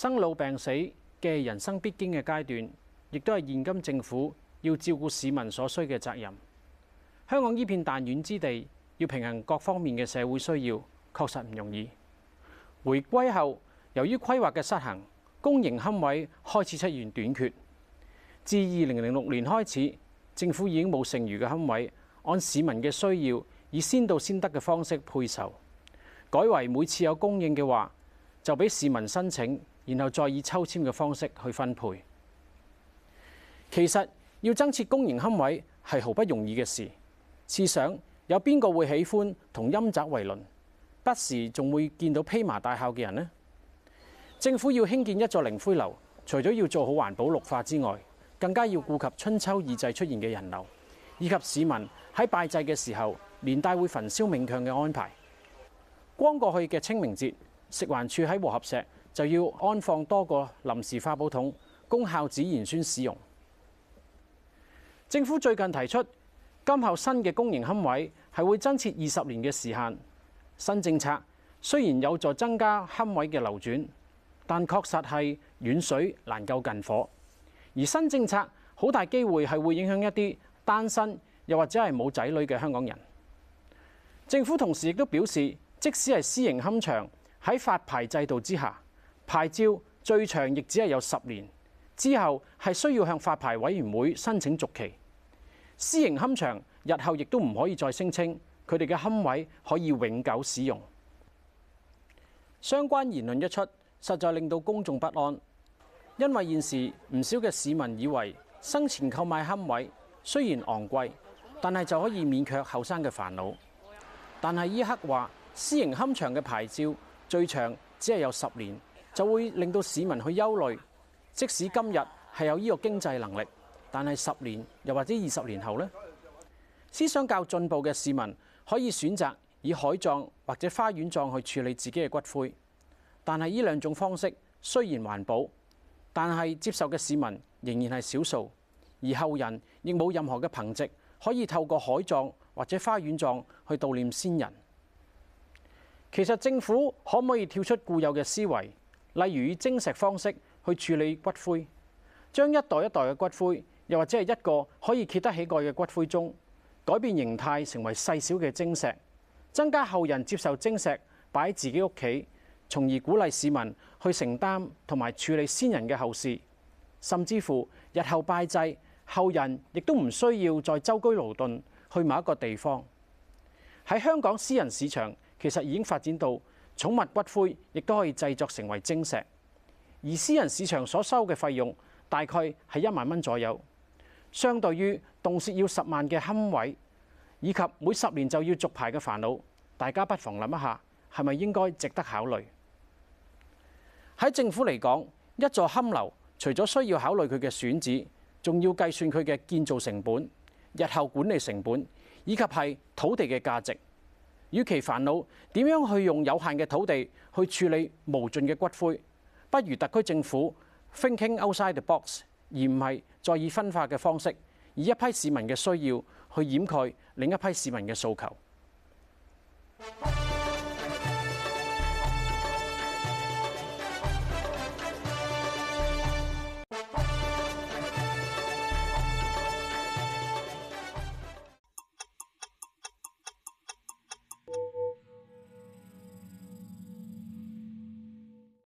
生老病死嘅人生必經嘅階段，亦都係現今政府要照顧市民所需嘅責任。香港呢片彈丸之地，要平衡各方面嘅社會需要，確實唔容易。回歸後，由於規劃嘅失衡，公營龕位開始出現短缺。自二零零六年開始，政府已經冇剩餘嘅龕位，按市民嘅需要以先到先得嘅方式配售，改為每次有供應嘅話就俾市民申請。然後再以抽籤嘅方式去分配。其實要增設公營龕位係毫不容易嘅事。試想有邊個會喜歡同陰宅為鄰？不時仲會見到披麻戴孝嘅人呢？政府要興建一座靈灰樓，除咗要做好環保綠化之外，更加要顧及春秋二祭出現嘅人流，以及市民喺拜祭嘅時候連帶會焚燒冥鏹嘅安排。光過去嘅清明節，食環署喺和合石，就要安放多個臨時化寶桶，供孝子賢孫使用。政府最近提出，今後新嘅公營龕位係會增設二十年嘅時限。新政策雖然有助增加龕位嘅流轉，但確實係遠水難救近火。而新政策好大機會係會影響一啲單身又或者係冇仔女嘅香港人。政府同時亦都表示，即使係私營龕場喺發牌制度之下。牌照最長亦只係有十年，之後係需要向發牌委員會申請續期。私營龕場日後亦都唔可以再聲稱佢哋嘅龕位可以永久使用。相關言論一出，實在令到公眾不安，因為現時唔少嘅市民以為生前購買龕位雖然昂貴，但係就可以免卻後生嘅煩惱。但係依家話，私營龕場嘅牌照最長只係有十年。就會令到市民去憂慮，即使今日係有呢個經濟能力，但係十年又或者二十年後呢，思想較進步嘅市民可以選擇以海葬或者花園葬去處理自己嘅骨灰。但係呢兩種方式雖然環保，但係接受嘅市民仍然係少數，而後人亦冇任何嘅憑藉可以透過海葬或者花園葬去悼念先人。其實政府可唔可以跳出固有嘅思維？例如以晶石方式去處理骨灰，將一袋一袋嘅骨灰，又或者係一個可以揭得起蓋嘅骨灰盅，改變形態成為細小嘅晶石，增加後人接受晶石擺喺自己屋企，從而鼓勵市民去承擔同埋處理先人嘅後事，甚至乎日後拜祭後人亦都唔需要再舟居勞頓去某一個地方。喺香港私人市場其實已經發展到。寵物骨灰亦都可以製作成為晶石，而私人市場所收嘅費用大概係一萬蚊左右，相對於動輒要十萬嘅龕位，以及每十年就要續牌嘅煩惱，大家不妨諗一下，係咪應該值得考慮？喺政府嚟講，一座龕樓除咗需要考慮佢嘅選址，仲要計算佢嘅建造成本、日後管理成本，以及係土地嘅價值。與其煩惱點樣去用有限嘅土地去處理無盡嘅骨灰，不如特區政府 thinking outside the box，而唔係再以分化嘅方式，以一批市民嘅需要去掩蓋另一批市民嘅訴求。